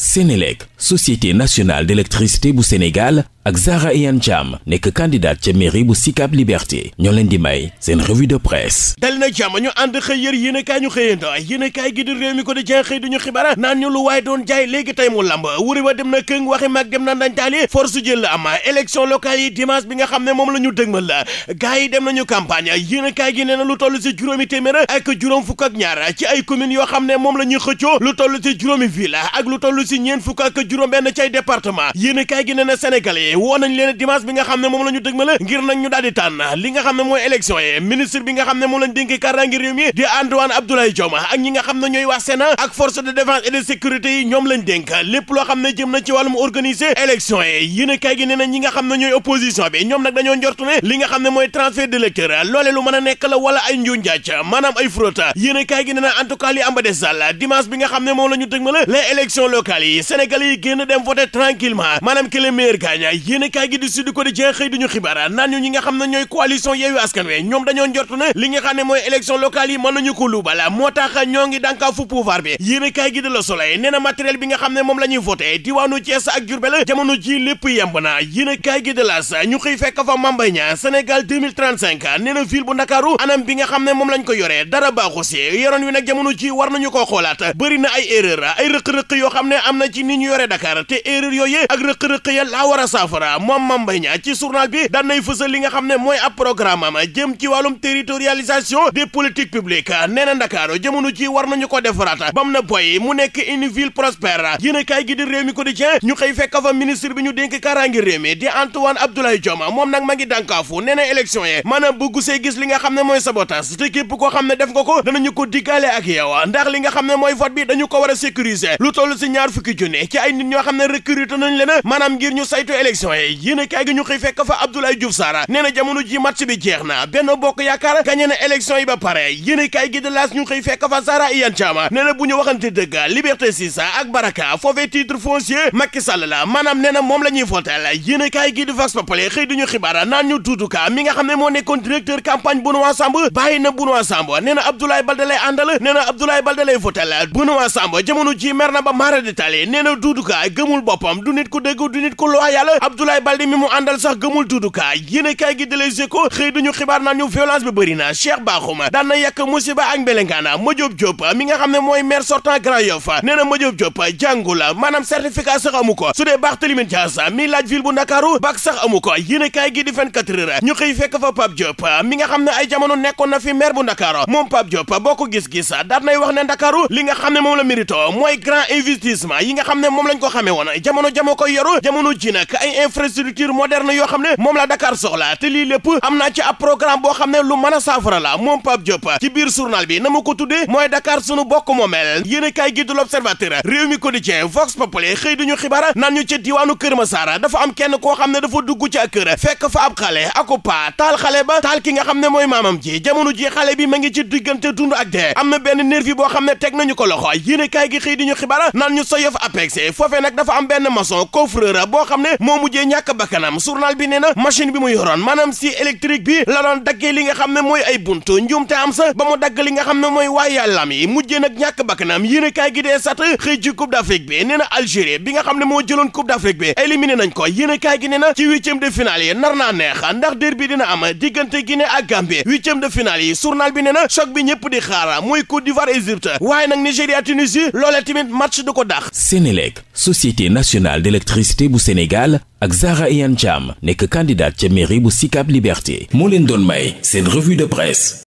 Sénélec société nationale d'électricité bu Sénégal ak Zahra Iyane Thiam nekk candidate ca mairie bu Sicap Liberté ñoo leen di may seen revue de presse dali na jàmm ñu ànd xëy yër yéen a kaay ñu xëyando yéen a kaay gi di réew mi ko di jeex xëy duñu xibaar naan ñu lu waaye doon jaay léegi tey mu lamb wuri wa dem na këng waxi mag dem na ndañtaali force jël la am élection locale yi dimanche bi nga xam ne moom la ñu dëgmal la gars yi dem nañu campagne yéen a gi nee na lu toll si juróomi téeméer ak juróom fukk ak ña ci ay communes yoo xam ne moom la ñuy xëccoo lu toll si juróomi ak lu toll si ñeen fukk ak juróom benn département yéen a nee na Sénégalais woo nañ leen dimanche bi nga xam ne moom la ñu dëgmale ngir nag ñu daal di tànn li nga xam ne mooy élection yi ministre bi ne moom lañ dénk kaaraange réew mi di ñooy waa Sénat ak force de défense yi ñoom lañ dénk lépp loo xam ne jëm na ci wàllum organiser élection yi yéen a na ñi nga xam ne ñooy bi ñoom nag dañoo njortu li nga xam ne mooy transfert d'électeur loole lu a nekk la wala ay njuuñ njaaj maanaam ay na xam ne moom la ñu dëgmale les élections locales yi sénégalais yi génn dem voter tranquillement maanaam que le meilleur yéen kaay gi di Sud Quotidien xëy ñu xibaar naan ñu ñi nga xam ne ñooy coalition Yewwi Askan Wi ñoom dañoo njort ne li nga xam ne mooy élection locale yi mën nañu ko luubal moo tax ñoo ngi dànkaa fu pouvoir bi yéen kaay gi di Le Soleil nee na matériel bi nga xam ne moom la ñuy voté diwaanu Thiès ak Diourbel jamono ji lépp yemb na yéen kaay gi di L'As ñu xëy fekk fa Mambay Niang Sénégal 2035 nee na ville bu Ndakaaru anam bi nga xam ne moom lañ ko yoree dara baaxu si yoroon wi nag jamono ji war nañu koo xoolaat bëri na ay erreur ay rëq-rëq yoo xam ne am na ci ni ñu yore Dakar te erreur yooyu ak rëq-rëq laa war a saaf saafara moom Mame Mbaye Niang ci journal bi daan nay fësal xam ne mooy ab programme am jëm ci wàllum territorialisation des politiques publiques nee na Ndakaaru jamono ji war nañu ko defaraat bam na boy mu nekk une ville prospère yéen kaay gi di Rewmi Quotidien ñu xëy fekk fa ministre bi ñu dénk kaaraangi réew mi di Antoine Abdoulaye Diome moom nag ma ngi dànkaafu nee na élection yi maanaam bu gusee li nga xam ne mooy sabotage te képp koo xam ne def nga ko danañu ko diggaale ak ndax li nga xam ne mooy vote bi dañu ko war a lu toll si ñaar fukki junne ci ay ñoo xam ne recruté nañ leen maanaam ngir ñu saytu élection conditions yi yéen a kaay gi ñu xëy fekk fa Abdoulaye Diouf na jamono ji Bokk Yaakaar a kaay gi de laas ñu xëy fekk ñu waxante maanaam nee na moom la ñuy votel yéen a kaay gi di Vox Populi xëy naan ñu Doudou mi nga xam ne moo nekkoon directeur campagne Benoît Samb bàyyi na na ji mer ba maara di tali nee na Doudou gëmul boppam du nit ku dégg du ku loyal Abdoulaye Baldé mi mu àndal sax gëmul tuddukaa yéene kaay gi de Les Échos xibaar naan ñu violence bi bëri na Cheikh Bakhoum daan na yàq musiba ak mbelengaana Madiop mi nga xam ne mooy maire sortant Grand Yoff nee na Madiop Diop jàngu la maanaam certificat amu ko su dee Barthélémy Dias mi laaj ville bu Ndakaaru bac sax amu ko yéene kaay gi di 24 ñu xëy fekk fa Pape mi nga xam ne ay jamono nekkoon na fi maire bu Ndakaaru moom Pape Diop boo ko gis-gis daan nay wax ne Ndakaaru li nga xam ne moom la mérito mooy grand investissement yi nga xam ne moom lañ ko xamee woon jamono jamo ko yoru jamono ji nag infrastructure moderne yoo xam ne moom la Dakar soxla te lii lépp am naa ci ab programme boo xam ne lu mën a saafara la moom Pape Diop ci biir bi na ma ko tuddee mooy Dakar sunu bokk moomeel yéen a kaay gi du l'Observateur réew mi quotidien Vox Populi xëy duñu xibaar naan ñu ca diwaanu Kër Massar dafa am kenn koo xam ne dafa dugg ci ak kër fekk fa ab xale ako pa taal xale ba taal ki nga xam ne mooy maamam ji jamono ji xale bi ma ngi ci diggante dund ak dee am na benn nervi boo xam ne teg nañu ko loxo yéen a kaay gi xëy diñu xibaar naan ñu Soyof Apex foofee nag dafa am benn maçon coffreur boo xam ne mujjee ñàkk bakkanam journal bi nee na machine bi mu yoroon maanaam si électrique bi la doon li nga xam ne mooy ay buntu njuumte am sa ba mu dagg li nga xam ne mooy waa yàllaam yi mujjee nag ñàkk bakkanam yéene kaay gi dee sat xëy ci nee na Algérie bi nga xam ne moo jëloon coupe d'Afrique bi éliminé nañ ko yéene kaay gi nee na ci huitième de finale yi nar naa neex ndax derby dina am diggante Guinée ak Gambie huitième de finale yi journal bi ne na choc bi ñëpp di xaara mooy Côte d'Ivoire Égypte waaye nag Nigéria Tunisie loolee tamit match du ko dax Sénélec société nationale d'électricité bu Sénégal ak Zahra Iyane Thiam nekk candidate ca mairie bu Sicap Liberté moo leen doon may seen revue de presse